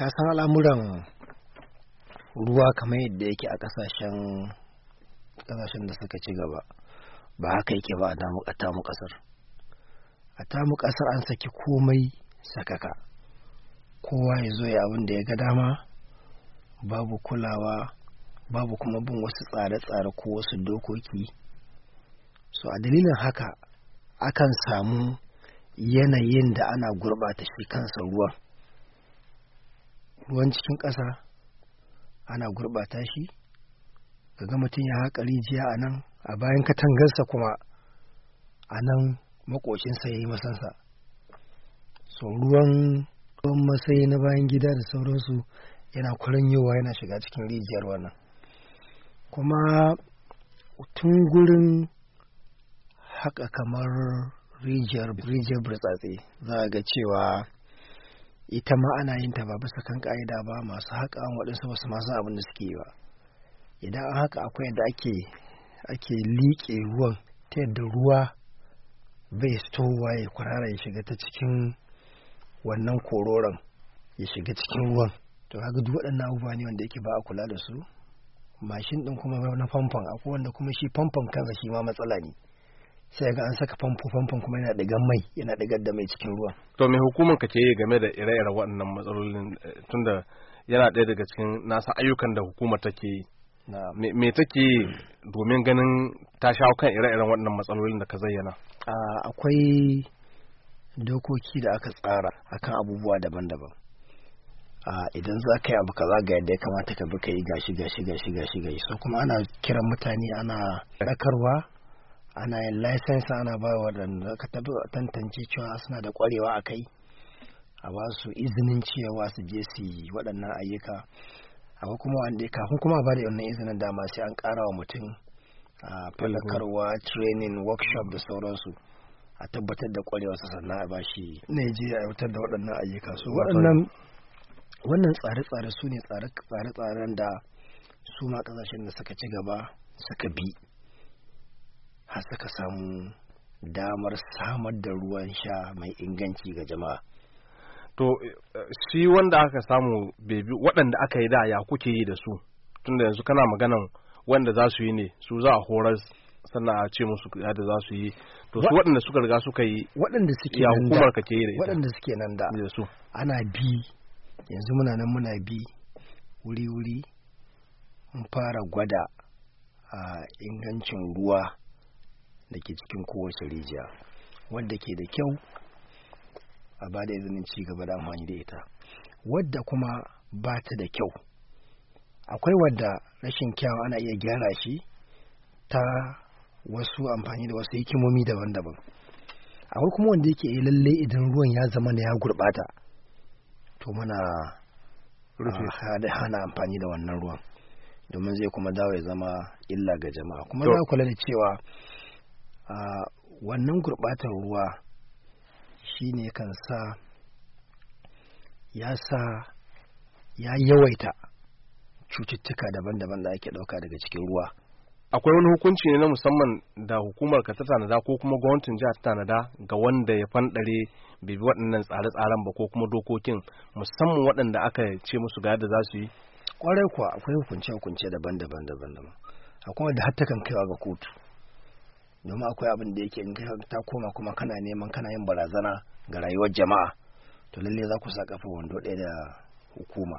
ka san al'amuran ruwa kamar yadda yake a kasashen kasashen da suka ci gaba ba haka yake ba a tamu kasar a tamu kasar an saki komai sakaka kowa ya zo ya abin da ya ga dama babu kulawa babu kuma bin wasu tsare-tsare ko wasu dokoki so a dalilin haka akan samu yanayin da ana gurɓata shi kansa ruwan ruwan cikin ƙasa ana gurɓata shi ga mutum ya haƙa rijiya a nan a bayan katangarsa kuma a nan makocinsa ya yi masansa so ruwan ruwan masai na bayan gida da sauransu yana kwaranyowa yana shiga cikin rijiyar wannan kuma tun gurin haƙa kamar rijiyar rijiyar burtsatse za a ga cewa ita ma ana yin ta ba bisa kan ka'ida ba masu haƙa waɗansu ba su masu abin da suke ba idan an haka akwai yadda ake ake liƙe ruwan ta yadda ruwa bai stowa ya kwarara ya shiga ta cikin wannan kororon ya shiga cikin ruwan to haka duk waɗannan abubuwa ne wanda yake ba a kula da su mashin ɗin kuma na famfon akwai wanda kuma shi famfon kansa shi ma matsala ne sai ga an saka famfo famfon kuma yana digan mai yana digar da mai cikin ruwa to me hukumar ka ce game da ire-iren waɗannan matsalolin eh, tunda yana ɗaya daga cikin nasa ayyukan da hukumar take yi me take domin ganin ta shawo kan ire-iren waɗannan matsalolin da ka zayyana akwai dokoki da aka tsara akan abubuwa daban-daban idan za ka yi abu kaza ga yadda ya kamata ka bi ka yi gashi gashi gashi gashi gashi so kuma ana kiran mutane ana rakarwa ana yin license ana ba waɗanda ka tantance cewa suna da ƙwarewa a kai a ba su izinin cewa su je su yi waɗannan ayyuka akwai kuma wanda kafin kuma ba da wannan izinin da masu an ƙara wa mutum a falakarwa training workshop da sauransu a tabbatar da ƙwarewarsa sannan a ba shi a aiwatar da waɗannan ayyuka su waɗannan wannan tsare-tsare su ne tsare-tsaren da su ma ƙasashen da suka ci gaba suka bi har suka samu damar samar da ruwan sha mai inganci ga jama'a to shi wanda aka samu bebi waɗanda aka yi da ya kuke yi da su tunda yanzu kana maganan wanda za su yi ne su za a horar sannan a ce musu da za su yi to su waɗanda suka riga suka yi waɗanda suke nan da hukumar ke yi da ita waɗanda suke nan da su ana bi yanzu muna nan muna bi wuri wuri mun fara gwada a ah, ingancin ruwa da ke cikin kowace rijiya wadda ke da kyau a ba da izinin ci gaba da amfani da ita wadda kuma ba ta da kyau akwai wadda rashin kyau ana iya gyara shi ta wasu amfani da wasu hikimomi daban-daban akwai kuma wanda yake eh, lalle idan ruwan ya zama da ya gurɓata to muna ah. hana amfani da wannan ruwan domin zai kuma dawo ya zama illa ga jama'a kuma za kula da cewa a wannan gurbatar ruwa shi ne kan sa ya sa ya yawaita cututtuka daban-daban da ake ɗauka daga cikin ruwa akwai wani hukunci ne na musamman da hukumar ka ta tanada ko kuma gwamnatin jihar ta tanada ga wanda ya fanɗare bai bi waɗannan tsare-tsaren ba ko kuma dokokin musamman waɗanda aka ce musu ga da za su yi kwarai kuwa akwai hukunce-hukunce daban-daban daban-daban akwai wanda hatta takan kaiwa ga kotu domin akwai abin da yake in ta koma kuma kana neman kana yin barazana ga rayuwar jama'a to lalle za ku sa kafa wando ɗaya da hukuma